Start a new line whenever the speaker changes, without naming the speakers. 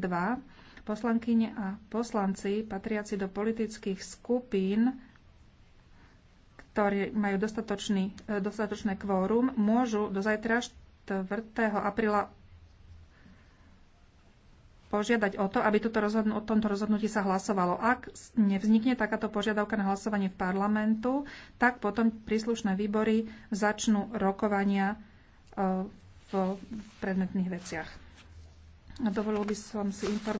2. Poslankyne a poslanci patriaci do politických skupín, ktorí majú dostatočný, e, dostatočné kvórum, môžu do zajtra 4. apríla požiadať o to, aby o tomto rozhodnutí sa hlasovalo. Ak nevznikne takáto požiadavka na hlasovanie v parlamentu, tak potom príslušné výbory začnú rokovania e, v predmetných veciach. A Dovolil by som
si informovať,